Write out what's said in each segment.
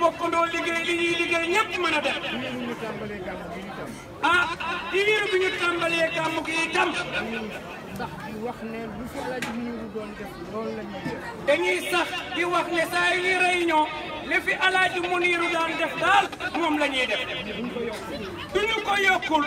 bokkandoo liggéey li ñuy liggéey ñëpp mën a def. ah diir bi ñu tàmbalee gàmmu gi itam. sax di wax ne lu fi El Hadj Mourou doon def loolu la ñuy def. dañuy sax di wax ne saa yu réunion li fi El Hadj Mourou daan def daal moom la ñuy def. du ñu ko yokkul.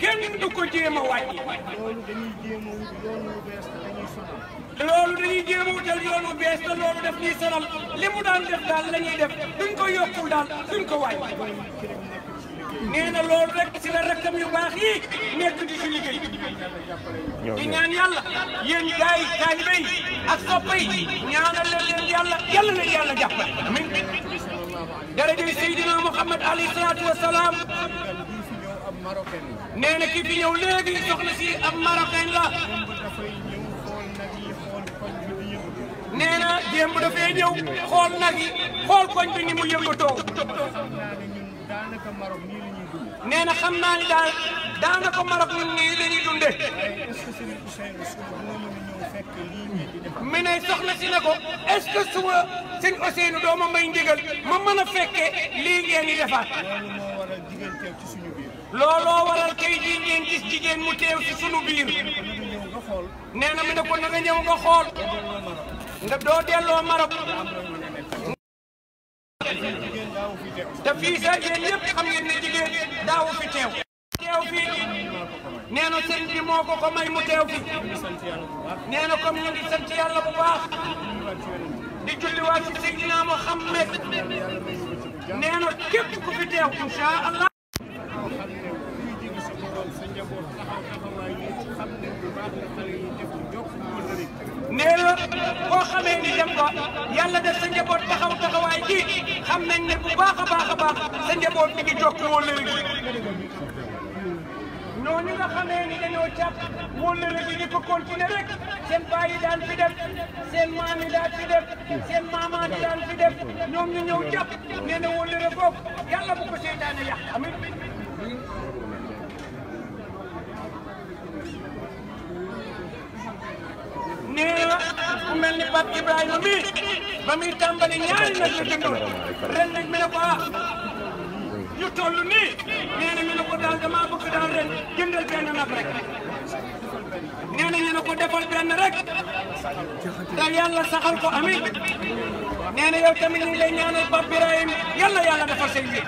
kenn du ko jéem a wàññi. loolu dañuy jéem a wut yoon wu bees dañuy sonal. loolu dañuy jéem a wutal yoon bu bees te loolu def ñuy sonal li mu daan def daal la ñuy def duñ ko yokkul daal duñ ko waay nee na loolu si la rakkam yu baax yi nekk di fi ñëw léegi soxna si ab marocain la démb dafee ñëw xool nag yi xool koñ bi ni mu yëngatoo. nee na xam naa ni daal daanaka Maroc ñun nii la ñuy dundee. mi ne soxna si ne ko est-ce que suba sëñ Ousseynou doo ma may ndigal ma mën a fekkee lii ngeen di defaat. looloo waral tey jii ngeen gis jigéen mu teew ci sunu biir. nee na mi ne ko na nga ñëw nga xool. nga doo delloo Maroc te fii sa xam ngeen ne daawu fi teew teew fii nee na sëñ bi moo ko ko may mu teew fi nee na comme ñu ngi sant bu baax di julliwaat ci Seydina Muhammad nee na képp ku fi teew incha allah njaboot boo xamee ni dem nga yàlla def sa njaboot taxaw taxawaay gi xam nañ ne bu baax a baax a baax sa njaboot mi ngi jokk woo léegi noonu nga xamee ni dañoo càpp seen baay yi daan seen maam yi daan fi def seen maamaa yi daan fi bu ko seytaane yàq amiin ku mel ni Pape Ibrahima mi ba muy tàmbali ñaari nag la dundul ren nag mi ne ko ah yu toll nii nee na ñu ne ko daal damaa bëgg daal ren jëndal benn nag rek nee na ñu ne ko defal benn rek te yàlla saxal ko amit nee na yow tamit ñu ngi lay ñaanal Pape Ibrahima yàlla yàlla defal seen yëg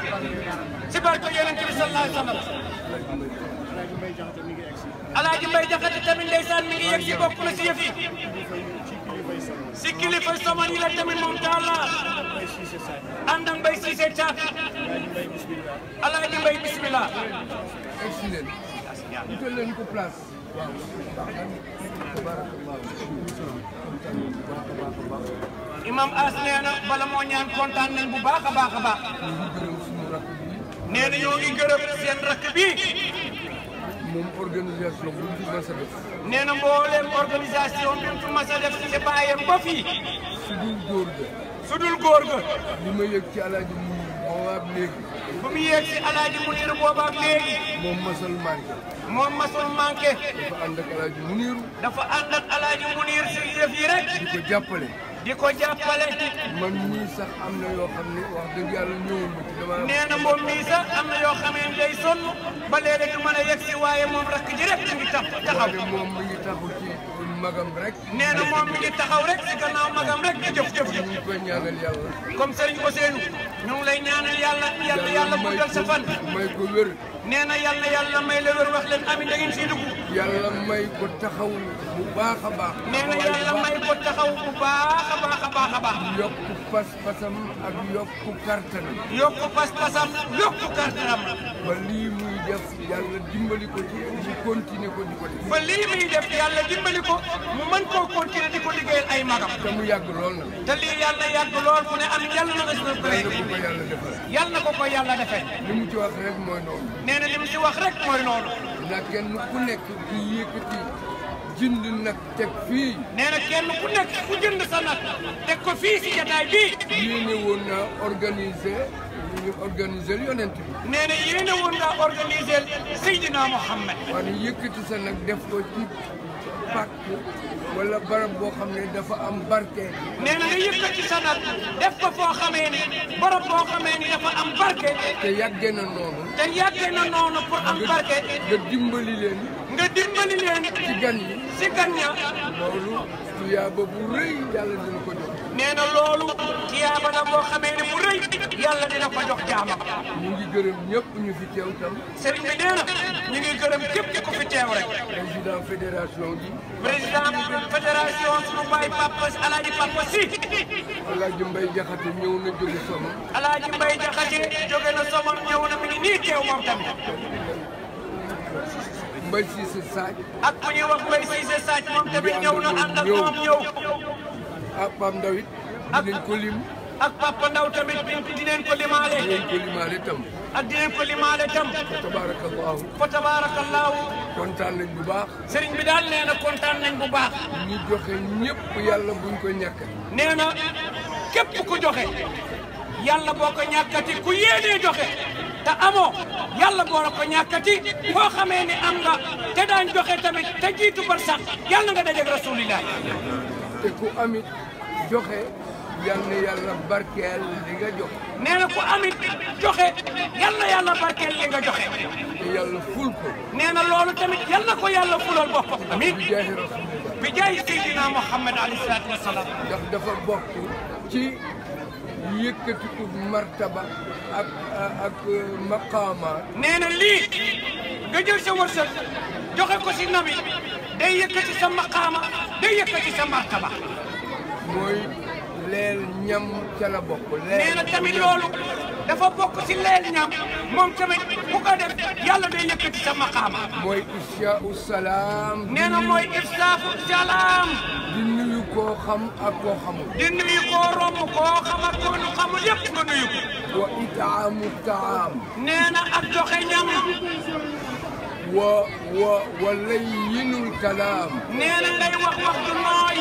si barke Yonent bi sallallahu alayhi wa sallam Alaaji Mbay Jaxate tamit ndeysaan mi ngi yegg si bokk na si yëf yi si kilifa Somone yi la tamit moom taal la ànd ak Mbaye Cissé Thiat alaaji Mbaye bisimilah. imam As nee na kontaan nañ bu baax a baax a baax. nee na ñoo ngi gërëm moom organisation bu mu mas a def. nee na mbooleem organisation bi mu mas a def ci bàyyam ba fii. su dul góor ga. su dul góor ga. li ma yëg ci alaaji mu boobaab léegi. moom masul moom masul dafa alaaji mu dafa alaaji mu si yëf yi rek. di ko jàppale. di ko jàppale. man mii sax am na yoo xam ne wax dëgg yàlla ñëwuma ci dama. nee na moom mii sax am na yoo xam ne day sonn ba du mën a yegg si waaye moom rakk ji rek mi ngi tax taxaw. waaye moom mi ngi taxaw ci magam rek. nee na moom mi ngi taxaw si gannaaw magam rek di jëf jëf. ñu ngi koy lay ñaanal yàlla yàlla yàlla guddal sa may ko wér. nee na yàlla may la wér wax leen amiin da ngeen siy yàlla may ko taxaw bu baax a baax. na yàlla may a baax a baax a baax. yokk pas-pasam ak yokk kartanam. yokk pas-pasam yokk kartanam. ba lii muy def yàlla dimbali ko ci mu continuer ko di ko def. ba lii muy def yàlla dimbali ko mu mën koo continuer di ko liggéeyal ay magam. te mu lool nag. te lii yàlla yàgg lool fu ne am yàlla na nga ko yàlla defal. yàlla na ko ko yàlla defal. li mu ci wax rek mooy noonu. nee na li mu ci wax rek mooy noonu. لكن كنك في يكتي جند نك تكفي لكن كنك في جند سنك تكفي في جدائي يين ونا أرغنيزي أرغنيزي ليون انت نينا يين ونا أرغنيزي سيدنا محمد وان يكتي سنك دفتو تيب pàkk wala barab boo xam ne dafa am barke. nee na nga yëkkati sa nag def ko foo xamee ni barab boo xamee ni dafa am barke. te yàggee na noonu. te yàggee na noonu pour am barke. nga dimbali leen. nga dimbali leen. ci gan yi ci gan ya. loolu tuyaaba bu rëy yàlla dina ko jox. nee na loolu tiyaaba la boo xamee ne mu rëy yàlla dina ko jox jaamam. ñu ngi gërëm ñëpp ñu fi teew tam. sëriñ bi nee na ngi gërëm képp ku fi teew rek. président fédération bi. président fédération sunu baay Papa Alaaji Alaaji Mbay Jaxate ñëw na jóge Soma. Alaaji Mbay Jaxate jóge na Soma ñëw na mi nii teew moom tamit. Mbay Siise Saaj. ak bu ñuy wax Mbay Siise Saaj moom tamit ñëw na ànd ak ñëw. ak Pape Ndaw ak dinañ ko lim. ak Papa Ndaw tamit dinañ ko limaale. dinañ ko limaale tam. ak dinañ ko limaale tam. fa tabaarakallaahu. fa kontaan nañ bu baax. sëriñ bi daal nee na kontaan nañ bu baax. ñu joxe ñëpp yàlla buñ ko ñàkk. nee na képp ku joxe. yàlla boo ko ñàkkati ku yéenee joxe. te amoo yàlla boo ko ñàkkati foo xamee ne am nga te daan joxe tamit te jiitu bar sax yàlla nga dajeeg rasulilah. te ku amit joxe yal na yàlla barkeel li nga joxe. nee na ku amit joxe yal na yàlla barkeel li nga joxe. te yàlla ful ko. nee na loolu tamit yal na ko yàlla fulal boppam. amiin bi jaay rasulullah. bi jaay Seydina Muhammad alayhi salaatu wa salaam. ndax dafa bokk ci. yëkkati ko martaba ak ak maqaama. nee na lii nga jël sa wërsëg joxe ko si nabi day yëkkati sa maqaama. day yëkkati sa martaba. mooy leel ñam ca bokk. leel nee tamit loolu dafa bokk si leel ñam moom tamit ku ko yàlla day yëkkati sa maqaama. mooy ifsa salaam. nee na xam ak koo xamul. di nuyu koo koo xam ak koo nu xamul yëpp nga nuyu ko. wa itaamu taam. nee ak joxe ñam. wa wa wa layyinul kalaam. nee na lay wax wax du nooy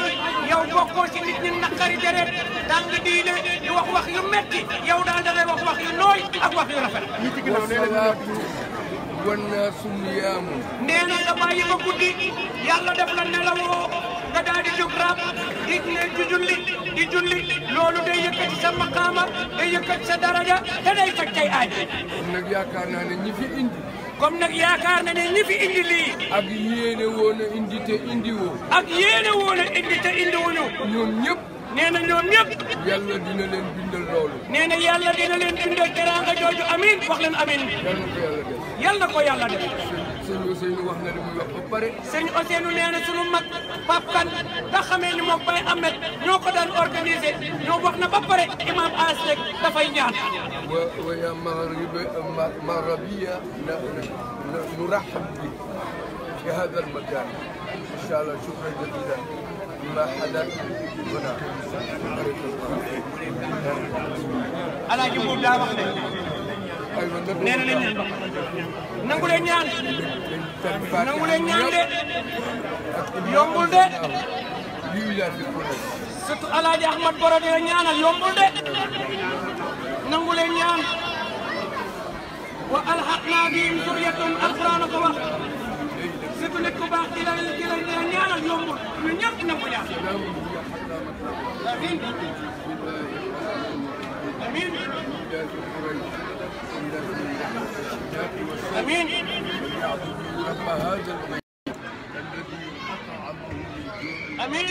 yow bokkoo ci nit ñi naqari deret tàng diine di wax wax yu metti yow daal da wax wax yu nooy ak wax yu rafet. li ci ginnaaw nee na wanna sum guddi yàlla def la nelawoo nga daal di jóg di ne di julli di julli loolu day yëkkati sa maqaama day yëkkati sa daraja te faj tey aaj comme nag yaakaar na ne ñi fi indi lii. ak yéene woon a indi te indi woo. ak yéene woon a indi te indi wuñu. ñoom ñëpp. nee na ñoom ñëpp. yàlla dina leen bindal loolu. nee na yàlla dina leen bindal teraanga jooju amin wax leen amin. yàlla ko yàlla def. yàlla ko yàlla def. sëñ Ousseynou wax na li muy wax ba pare. sëñ Ousseynou nee na sunu mag Pape da xamee ni moom Baye Ahmed ñoo ko daan organisé ñoo wax na ba pare imam Asek dafay ñaan. wa wa yaa marabiya na na nu raxab bi fi hada al makan incha allah shukran jazilan ma xadar voilà. alaaji moom daa wax ne. nee na leen ñaan nangu leen ñaan nangu leen ñaan de yombul de surtout Alaaji Ahmad Boro de ñaanal yombul de nangu leen ñaan wa alhaqna bihim zurriyatan alquran ko wax surtout nit ku baax di la di la di la ñaanal yombul ñun ñëpp nangu ñaan امين امين رب هذا امين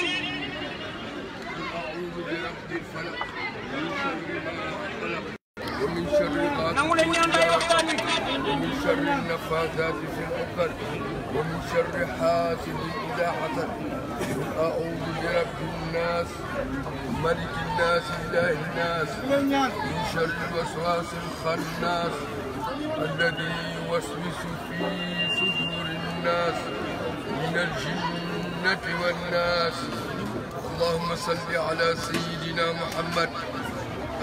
الفلق من شر ما خلق ومن شر غاسق ومن شر النفاثات في العقد ومن شر حاسد إذا حسد أعوذ برب الناس ملك الناس إله الناس من شر الوسواس الخناس الذي يوسوس في صدور الناس من الجنة والناس اللهم صل على سيدنا محمد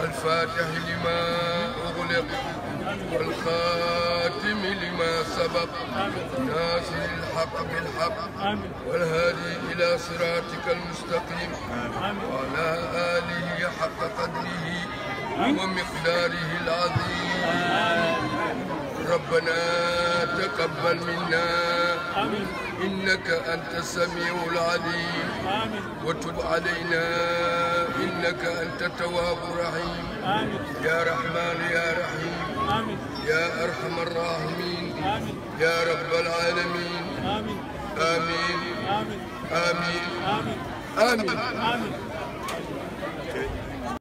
الفاتح لما أغلق والخاتم لما سبق ناصر الحق بالحق والهادي إلى صراطك المستقيم وعلى آله حق قدره ومقداره العظيم ربنا تقبل منا آمين. إنك أنت السميع العليم آمين. وتب علينا إنك أنت التواب الرحيم آمين. يا رحمن يا رحيم يا أرحم الراحمين يا رب العالمين آمين آمين آمين, آمين. آمين. آمين.